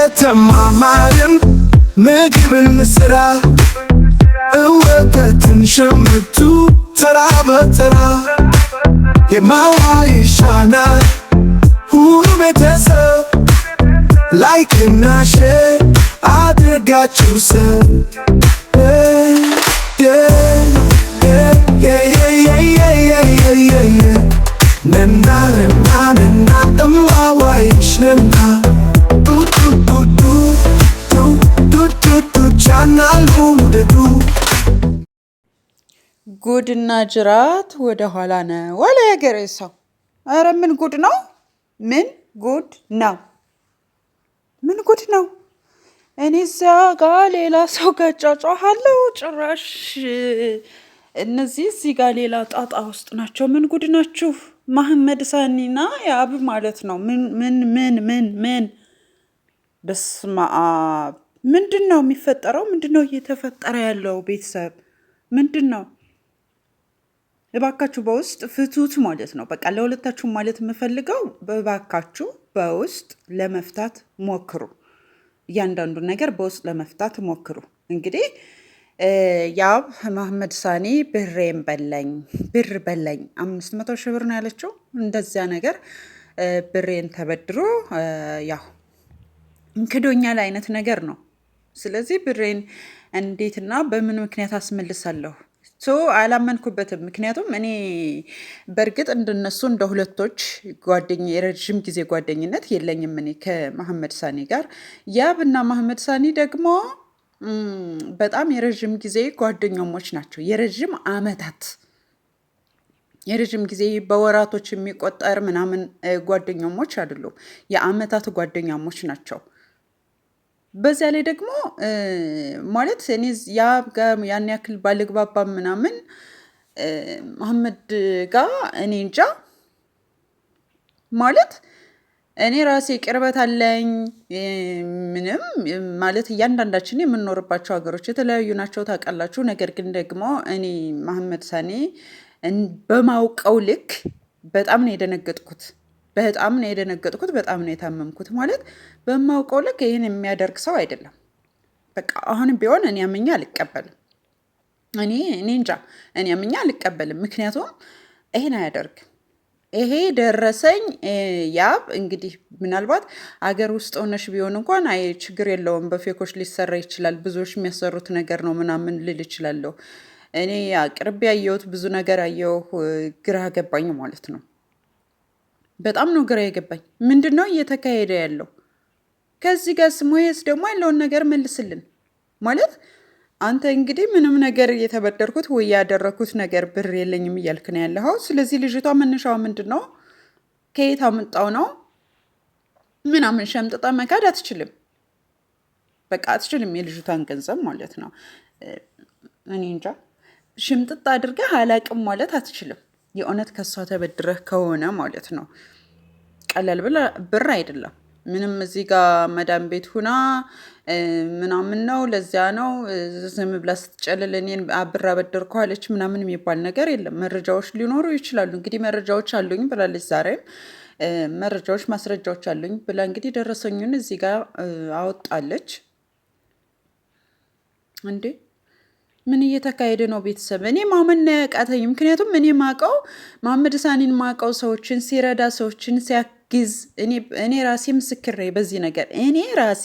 እየተማማርን ምግብን ስራ እወተትን ሸምቱ ተራ በተራ የማዋ ይሻናል ሁሉ ቤተሰብ ላይክና ሼር አድርጋችሁ ነና ሰብናናናናእማዋይሽንና ጉድና ጅራት ወደ ኋላ ነው አለ የሀገሬ ሰው። ኧረ ምን ጉድ ነው? ምን ጉድ ነው? ምን ጉድ ነው? እኔ እዚያ ጋ ሌላ ሰው ጋር ጫጫሃለሁ፣ ጭራሽ እነዚህ እዚህ ጋ ሌላ ጣጣ ውስጥ ናቸው። ምን ጉድ ናችሁ? መሐመድ ሳኒና የአብ ማለት ነው። ምን ምን ምን ምን ምን? በስመ አብ ምንድን ነው የሚፈጠረው? ምንድን ነው እየተፈጠረ ያለው? ቤተሰብ ምንድን ነው? እባካችሁ በውስጥ ፍቱት ማለት ነው። በቃ ለሁለታችሁ ማለት የምፈልገው እባካችሁ በውስጥ ለመፍታት ሞክሩ። እያንዳንዱን ነገር በውስጥ ለመፍታት ሞክሩ። እንግዲህ ያብ መሐመድ ሳኒ ብሬን በላኝ ብር በላኝ አምስት መቶ ሺህ ብር ነው ያለችው። እንደዚያ ነገር ብሬን ተበድሮ ያው እንክዶኛል አይነት ነገር ነው ስለዚህ ብሬን እንዴትና በምን ምክንያት አስመልሳለሁ? ሶ አላመንኩበትም። ምክንያቱም እኔ በእርግጥ እንደነሱ እንደ ሁለቶች ጓደኛ የረዥም ጊዜ ጓደኝነት የለኝም እኔ ከመሐመድ ሳኒ ጋር። ያብና መሐመድ ሳኒ ደግሞ በጣም የረዥም ጊዜ ጓደኞሞች ናቸው። የረዥም አመታት የረዥም ጊዜ በወራቶች የሚቆጠር ምናምን ጓደኞሞች አይደሉም። የአመታት ጓደኛሞች ናቸው። በዚያ ላይ ደግሞ ማለት እኔ ያ ጋር ያን ያክል ባልግባባም ምናምን መሐመድ ጋር እኔ እንጃ ማለት እኔ ራሴ ቅርበት አለኝ። ምንም ማለት እያንዳንዳችን የምንኖርባቸው ሀገሮች የተለያዩ ናቸው ታውቃላችሁ። ነገር ግን ደግሞ እኔ መሐመድ ሳኔ በማውቀው ልክ በጣም ነው የደነገጥኩት። በጣም ነው የደነገጥኩት። በጣም ነው የታመምኩት። ማለት በማውቀው ልክ ይህን የሚያደርግ ሰው አይደለም። በቃ አሁንም ቢሆን እኔ አምኜ አልቀበልም። እኔ እኔ እንጃ እኔ አምኜ አልቀበልም። ምክንያቱም ይሄን አያደርግም። ይሄ ደረሰኝ ያብ እንግዲህ ምናልባት አገር ውስጥ ሆነሽ ቢሆን እንኳን አይ ችግር የለውም በፌኮች ሊሰራ ይችላል፣ ብዙዎች የሚያሰሩት ነገር ነው ምናምን ልል እችላለሁ። እኔ አቅርቤ ያየሁት ብዙ ነገር አየሁ፣ ግራ ገባኝ ማለት ነው። በጣም ነው ግራ የገባኝ። ምንድን ነው እየተካሄደ ያለው? ከዚህ ጋር ስሞሄስ ደግሞ ያለውን ነገር መልስልን ማለት አንተ እንግዲህ ምንም ነገር የተበደርኩት ወይ ያደረግኩት ነገር ብር የለኝም እያልክ ነው ያለኸው። ስለዚህ ልጅቷ መነሻዋ ምንድን ነው? ከየት አምጣው ነው ምናምን ሸምጥጠ መካድ አትችልም። በቃ አትችልም። የልጅቷን ገንዘብ ማለት ነው እኔ እንጃ ሽምጥጥ አድርገህ አላቅም ማለት አትችልም። የእውነት ከሷ ተበድረህ ከሆነ ማለት ነው። ቀለል ብር አይደለም። ምንም እዚህ ጋር መዳን ቤት ሁና ምናምን ነው ለዚያ ነው ዝም ብላ ስትጨልል እኔን ብር አበደርኩ አለች ምናምን የሚባል ነገር የለም። መረጃዎች ሊኖሩ ይችላሉ። እንግዲህ መረጃዎች አሉኝ ብላለች። ዛሬም መረጃዎች፣ ማስረጃዎች አሉኝ ብላ እንግዲህ ደረሰኙን እዚህ ጋር አወጣለች እንዴ ምን እየተካሄደ ነው? ቤተሰብ እኔ ማመን ያቃተኝ። ምክንያቱም እኔ ማቀው መሐመድ ሳኒን ማቀው ሰዎችን ሲረዳ ሰዎችን ሲያግዝ እኔ ራሴ ምስክሬ በዚህ ነገር እኔ ራሴ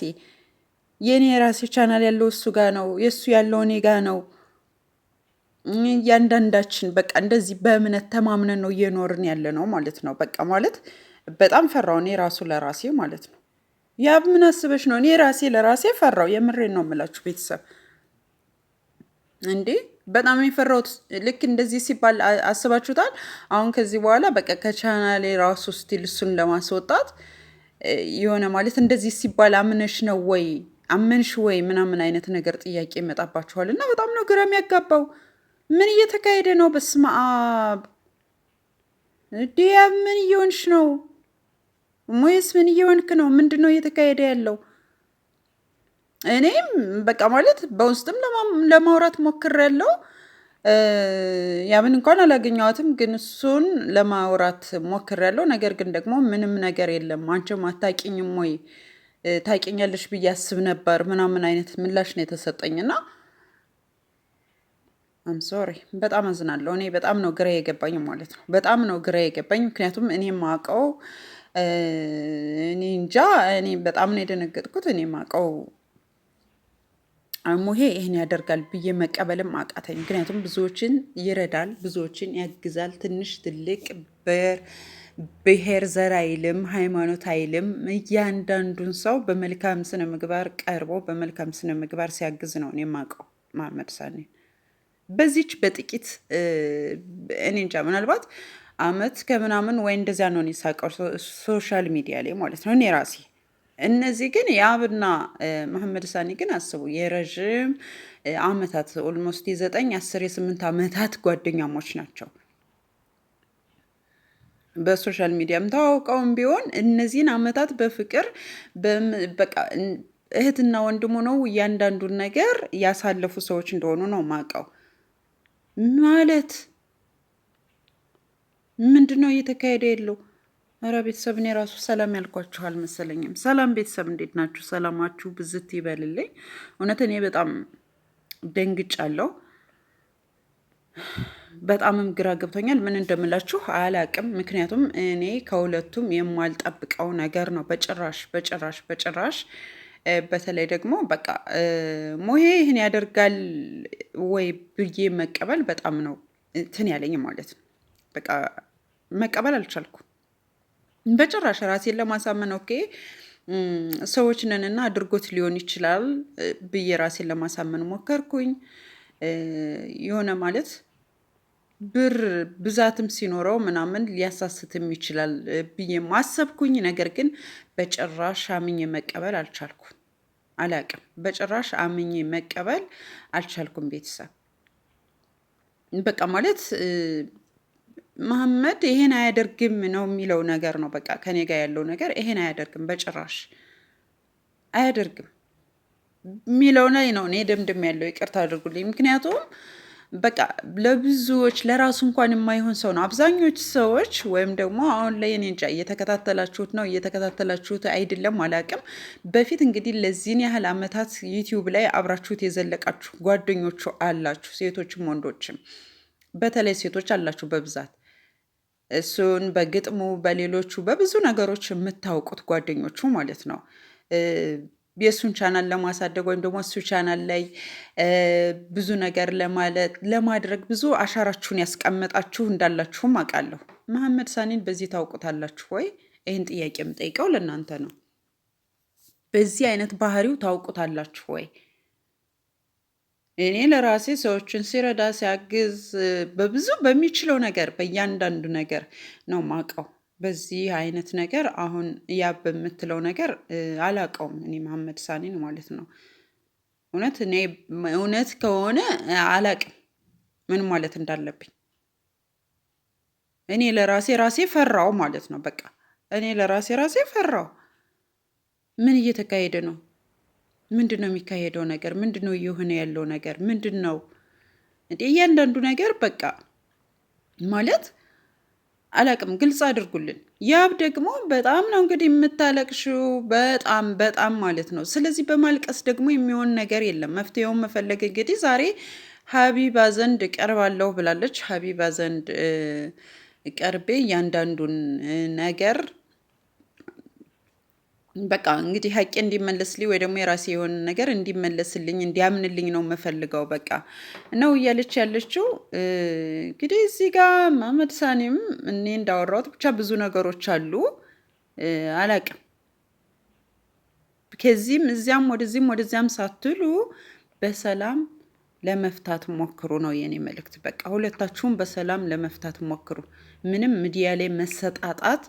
የእኔ ራሴ ቻናል ያለው እሱ ጋ ነው፣ የእሱ ያለው እኔ ጋ ነው። እያንዳንዳችን በቃ እንደዚህ በእምነት ተማምነን ነው እየኖርን ያለ ነው ማለት ነው። በቃ ማለት በጣም ፈራው እኔ ራሱ ለራሴ ማለት ነው። ያ ምን አስበሽ ነው? እኔ ራሴ ለራሴ ፈራው። የምሬን ነው የምላችሁ ቤተሰብ እንዴ በጣም የፈራሁት ልክ እንደዚህ ሲባል አስባችሁታል። አሁን ከዚህ በኋላ በቃ ከቻናሌ ራሱ ስቲል እሱን ለማስወጣት የሆነ ማለት እንደዚህ ሲባል አምነሽ ነው ወይ አመንሽ ወይ ምናምን አይነት ነገር ጥያቄ ይመጣባችኋል። እና በጣም ነው ግራ የሚያጋባው። ምን እየተካሄደ ነው? በስመ አብ ዲያ ምን እየሆንሽ ነው? ሞየስ ምን እየሆንክ ነው? ምንድን ነው እየተካሄደ ያለው? እኔም በቃ ማለት በውስጥም ለማውራት ሞክሬያለሁ። ያምን እንኳን አላገኘኋትም፣ ግን እሱን ለማውራት ሞክሬያለሁ። ነገር ግን ደግሞ ምንም ነገር የለም አንቺም አታውቂኝም ወይ ታውቂኛለሽ ብዬ አስብ ነበር ምናምን አይነት ምላሽ ነው የተሰጠኝና አም ሶሪ በጣም አዝናለሁ። እኔ በጣም ነው ግራ የገባኝ ማለት ነው። በጣም ነው ግራ የገባኝ ምክንያቱም እኔ ማውቀው እኔ እንጃ እኔ በጣም ነው የደነገጥኩት። እኔ ማውቀው ሙሄ ይህን ያደርጋል ብዬ መቀበልም አቃተኝ። ምክንያቱም ብዙዎችን ይረዳል፣ ብዙዎችን ያግዛል። ትንሽ ትልቅ ብሔር ዘር አይልም፣ ሃይማኖት አይልም። እያንዳንዱን ሰው በመልካም ስነ ምግባር ቀርቦ በመልካም ስነ ምግባር ሲያግዝ ነው እኔ የማውቀው መሐመድ ሳኒ። በዚች በጥቂት እኔ እንጃ ምናልባት አመት ከምናምን ወይ እንደዚያ ነው እኔ ሳውቀው ሶሻል ሚዲያ ላይ ማለት ነው እኔ ራሴ እነዚህ ግን የአብና መሐመድ ሳኒ ግን አስቡ የረዥም አመታት ኦልሞስት የዘጠኝ አስር የስምንት አመታት ጓደኛሞች ናቸው። በሶሻል ሚዲያም ታወቀውም ቢሆን እነዚህን አመታት በፍቅር በቃ እህትና ወንድሙ ነው እያንዳንዱን ነገር ያሳለፉ ሰዎች እንደሆኑ ነው ማቀው። ማለት ምንድን ነው እየተካሄደ የለው? ኧረ ቤተሰብ እኔ ራሱ ሰላም ያልኳችሁ አልመሰለኝም። ሰላም ቤተሰብ እንዴት ናችሁ? ሰላማችሁ ብዝት ይበልልኝ። እውነት እኔ በጣም ደንግጫለሁ። በጣምም ግራ ገብቶኛል። ምን እንደምላችሁ አላቅም። ምክንያቱም እኔ ከሁለቱም የማልጠብቀው ነገር ነው። በጭራሽ በጭራሽ በጭራሽ። በተለይ ደግሞ በቃ ሞሄ ይህን ያደርጋል ወይ ብዬ መቀበል በጣም ነው እንትን ያለኝ ማለት ነው። በቃ መቀበል አልቻልኩም። በጭራሽ ራሴን ለማሳመን ኦኬ ሰዎች አድርጎት ሊሆን ይችላል ብዬ ራሴን ለማሳመን ሞከርኩኝ። የሆነ ማለት ብር ብዛትም ሲኖረው ምናምን ሊያሳስትም ይችላል ብዬ ማሰብኩኝ። ነገር ግን በጭራሽ አምኜ መቀበል አልቻልኩም። አላቅም በጭራሽ አምኜ መቀበል አልቻልኩም። ቤተሰብ በቃ ማለት መሐመድ ይሄን አያደርግም ነው የሚለው ነገር ነው። በቃ ከኔ ጋር ያለው ነገር ይሄን አያደርግም፣ በጭራሽ አያደርግም የሚለው ላይ ነው እኔ ደምድም ያለው። ይቅርታ አድርጉልኝ። ምክንያቱም በቃ ለብዙዎች ለራሱ እንኳን የማይሆን ሰው ነው። አብዛኞቹ ሰዎች ወይም ደግሞ አሁን ላይ እኔ እንጃ እየተከታተላችሁት ነው እየተከታተላችሁት አይደለም አላውቅም። በፊት እንግዲህ ለዚህን ያህል ዓመታት ዩቲዩብ ላይ አብራችሁት የዘለቃችሁ ጓደኞቹ አላችሁ፣ ሴቶችም ወንዶችም፣ በተለይ ሴቶች አላችሁ በብዛት እሱን በግጥሙ በሌሎቹ በብዙ ነገሮች የምታውቁት ጓደኞቹ ማለት ነው። የእሱን ቻናል ለማሳደግ ወይም ደግሞ እሱ ቻናል ላይ ብዙ ነገር ለማለት ለማድረግ ብዙ አሻራችሁን ያስቀመጣችሁ እንዳላችሁም አውቃለሁ። መሐመድ ሳኒን በዚህ ታውቁታላችሁ ወይ? ይህን ጥያቄ የምጠይቀው ለእናንተ ነው። በዚህ አይነት ባህሪው ታውቁታላችሁ ወይ? እኔ ለራሴ ሰዎችን ሲረዳ ሲያግዝ በብዙ በሚችለው ነገር በእያንዳንዱ ነገር ነው ማቀው። በዚህ አይነት ነገር አሁን ያ በምትለው ነገር አላቀውም እኔ መሐመድ ሳኔን ማለት ነው። እውነት እኔ እውነት ከሆነ አላቅም ምን ማለት እንዳለብኝ። እኔ ለራሴ ራሴ ፈራው ማለት ነው። በቃ እኔ ለራሴ ራሴ ፈራው። ምን እየተካሄደ ነው? ምንድን ነው የሚካሄደው ነገር? ምንድን ነው እየሆነ ያለው ነገር? ምንድን ነው እንዴ? እያንዳንዱ ነገር በቃ ማለት አላቅም። ግልጽ አድርጉልን። ያብ ደግሞ በጣም ነው እንግዲህ የምታለቅሽው፣ በጣም በጣም ማለት ነው። ስለዚህ በማልቀስ ደግሞ የሚሆን ነገር የለም። መፍትሄውን መፈለግ እንግዲህ ዛሬ ሀቢባ ዘንድ ቀርባለሁ ብላለች። ሀቢባ ዘንድ ቀርቤ እያንዳንዱን ነገር በቃ እንግዲህ ሀቄ እንዲመለስልኝ ወይ ደግሞ የራሴ የሆነ ነገር እንዲመለስልኝ እንዲያምንልኝ ነው የምፈልገው በቃ ነው እያለች ያለችው። እንግዲህ እዚህ ጋር መሐመድ ሳኒም እኔ እንዳወራሁት ብቻ ብዙ ነገሮች አሉ አላቅም። ከዚህም እዚያም ወደዚህም ወደዚያም ሳትሉ በሰላም ለመፍታት ሞክሩ ነው የኔ መልእክት። በቃ ሁለታችሁም በሰላም ለመፍታት ሞክሩ። ምንም ሚዲያ ላይ መሰጣጣት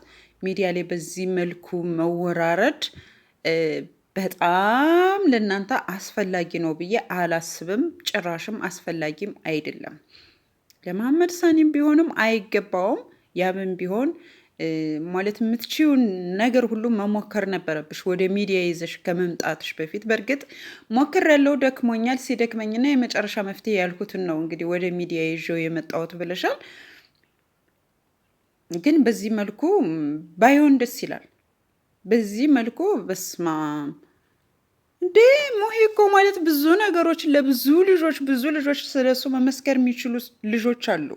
ሚዲያ ላይ በዚህ መልኩ መወራረድ በጣም ለእናንተ አስፈላጊ ነው ብዬ አላስብም። ጭራሽም አስፈላጊም አይደለም። ለመሐመድ ሳኒም ቢሆንም አይገባውም። ያብም ቢሆን ማለት የምትችውን ነገር ሁሉ መሞከር ነበረብሽ ወደ ሚዲያ ይዘሽ ከመምጣትሽ በፊት። በእርግጥ ሞክር ያለው ደክሞኛል፣ ሲደክመኝና የመጨረሻ መፍትሄ ያልኩትን ነው እንግዲህ ወደ ሚዲያ ይዤው የመጣሁት ብለሻል። ግን በዚህ መልኩ ባይሆን ደስ ይላል። በዚህ መልኩ በስማ እንዴ ሙሄ እኮ ማለት ብዙ ነገሮች ለብዙ ልጆች ብዙ ልጆች ስለሱ መመስከር የሚችሉ ልጆች አሉ።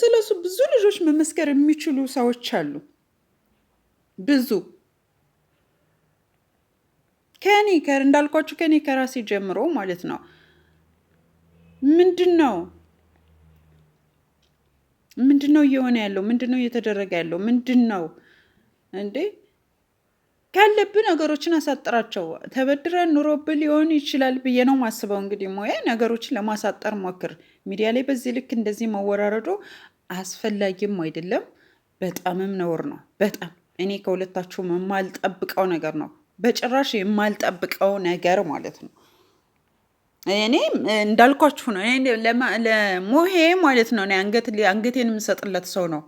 ስለሱ ብዙ ልጆች መመስከር የሚችሉ ሰዎች አሉ። ብዙ ከኔ እንዳልኳቸው ከኔ ከራሴ ጀምሮ ማለት ነው ምንድን ነው ምንድን ነው እየሆነ ያለው? ምንድን ነው እየተደረገ ያለው? ምንድን ነው እንዴ? ካለብህ ነገሮችን አሳጥራቸው። ተበድረን ኑሮብህ ሊሆን ይችላል ብዬ ነው ማስበው። እንግዲህ ሞያ ነገሮችን ለማሳጠር ሞክር። ሚዲያ ላይ በዚህ ልክ እንደዚህ መወራረዶ አስፈላጊም አይደለም፣ በጣምም ነውር ነው። በጣም እኔ ከሁለታችሁም የማልጠብቀው ነገር ነው፣ በጭራሽ የማልጠብቀው ነገር ማለት ነው። እኔ እንዳልኳችሁ ነው። እኔ ለሞሄ ማለት ነው አንገቴን የምሰጥለት ሰው ነው።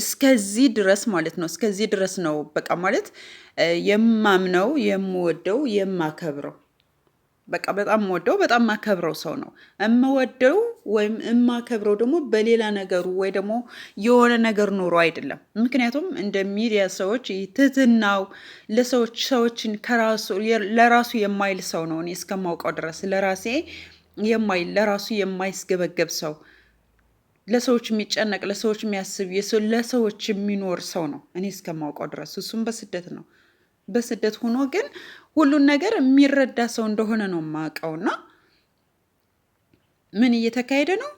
እስከዚህ ድረስ ማለት ነው። እስከዚህ ድረስ ነው። በቃ ማለት የማምነው የምወደው የማከብረው በቃ በጣም ወደው በጣም ማከብረው ሰው ነው። እመወደው ወይም እማከብረው ደግሞ በሌላ ነገሩ ወይ ደግሞ የሆነ ነገር ኖሮ አይደለም። ምክንያቱም እንደ ሚዲያ ሰዎች ትህትናው ለሰዎች ሰዎችን ለራሱ የማይል ሰው ነው። እኔ እስከማውቀው ድረስ ለራሴ የማይል ለራሱ የማይስገበገብ ሰው፣ ለሰዎች የሚጨነቅ፣ ለሰዎች የሚያስብ፣ ለሰዎች የሚኖር ሰው ነው እኔ እስከማውቀው ድረስ እሱም በስደት ነው። በስደት ሆኖ ግን ሁሉን ነገር የሚረዳ ሰው እንደሆነ ነው የማውቀው። እና ምን እየተካሄደ ነው?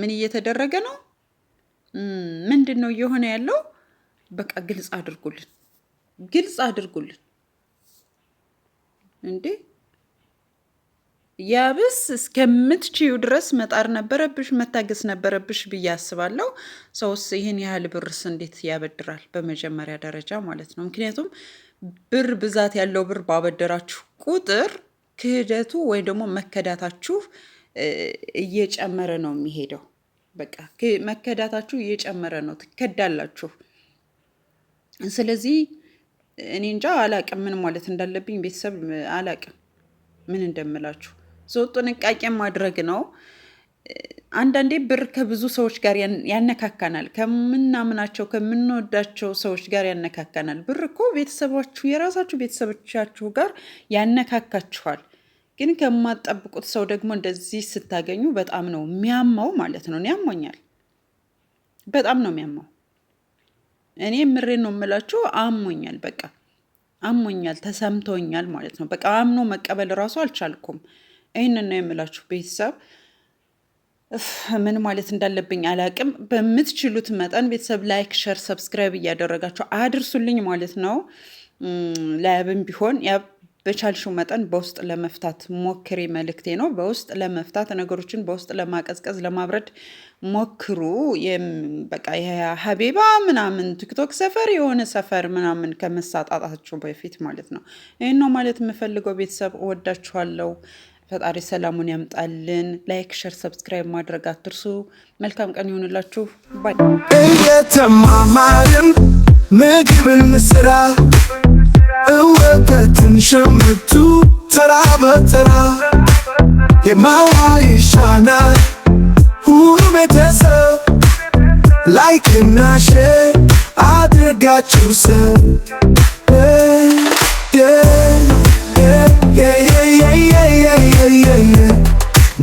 ምን እየተደረገ ነው? ምንድን ነው እየሆነ ያለው? በቃ ግልጽ አድርጉልን፣ ግልጽ አድርጉልን። እንዴ ያብስ እስከምትችዩ ድረስ መጣር ነበረብሽ፣ መታገስ ነበረብሽ ብዬ አስባለሁ። ሰውስ ይህን ያህል ብርስ እንዴት ያበድራል? በመጀመሪያ ደረጃ ማለት ነው ምክንያቱም ብር ብዛት ያለው ብር ባበደራችሁ ቁጥር ክህደቱ ወይም ደግሞ መከዳታችሁ እየጨመረ ነው የሚሄደው። በቃ መከዳታችሁ እየጨመረ ነው፣ ትከዳላችሁ። ስለዚህ እኔ እንጃ አላቅም ምን ማለት እንዳለብኝ ቤተሰብ አላቅም ምን እንደምላችሁ። ሶ ጥንቃቄ ማድረግ ነው። አንዳንዴ ብር ከብዙ ሰዎች ጋር ያነካካናል። ከምናምናቸው ከምንወዳቸው ሰዎች ጋር ያነካካናል። ብር እኮ ቤተሰባችሁ የራሳችሁ ቤተሰቦቻችሁ ጋር ያነካካችኋል። ግን ከማጠብቁት ሰው ደግሞ እንደዚህ ስታገኙ በጣም ነው የሚያማው ማለት ነው። ያሞኛል፣ በጣም ነው የሚያማው። እኔ ምሬ ነው የምላችሁ፣ አሞኛል፣ በቃ አሞኛል፣ ተሰምቶኛል ማለት ነው። በቃ አምኖ መቀበል እራሱ አልቻልኩም። ይህንን ነው የምላችሁ ቤተሰብ ምን ማለት እንዳለብኝ አላቅም። በምትችሉት መጠን ቤተሰብ ላይክ፣ ሸር፣ ሰብስክራይብ እያደረጋቸው አድርሱልኝ ማለት ነው። ላያብም ቢሆን ያ በቻልሽው መጠን በውስጥ ለመፍታት ሞክሪ፣ መልክቴ ነው። በውስጥ ለመፍታት ነገሮችን በውስጥ ለማቀዝቀዝ ለማብረድ ሞክሩ። በቃ ሀቢባ ምናምን ቲክቶክ ሰፈር የሆነ ሰፈር ምናምን ከመሳጣጣቸው በፊት ማለት ነው። ይህን ነው ማለት የምፈልገው። ቤተሰብ እወዳችኋለሁ። ፈጣሪ ሰላሙን ያምጣልን። ላይክ፣ ሸር፣ ሰብስክራይብ ማድረግ አትርሱ። መልካም ቀን ይሆንላችሁ። እየተማማርን ምግብን ስራ እወተትን ሸምቱ ተራ በተራ የማዋ ይሻናል ሁሉ ቤተሰብ ላይክና ሼር አድርጋችሁ ሰብ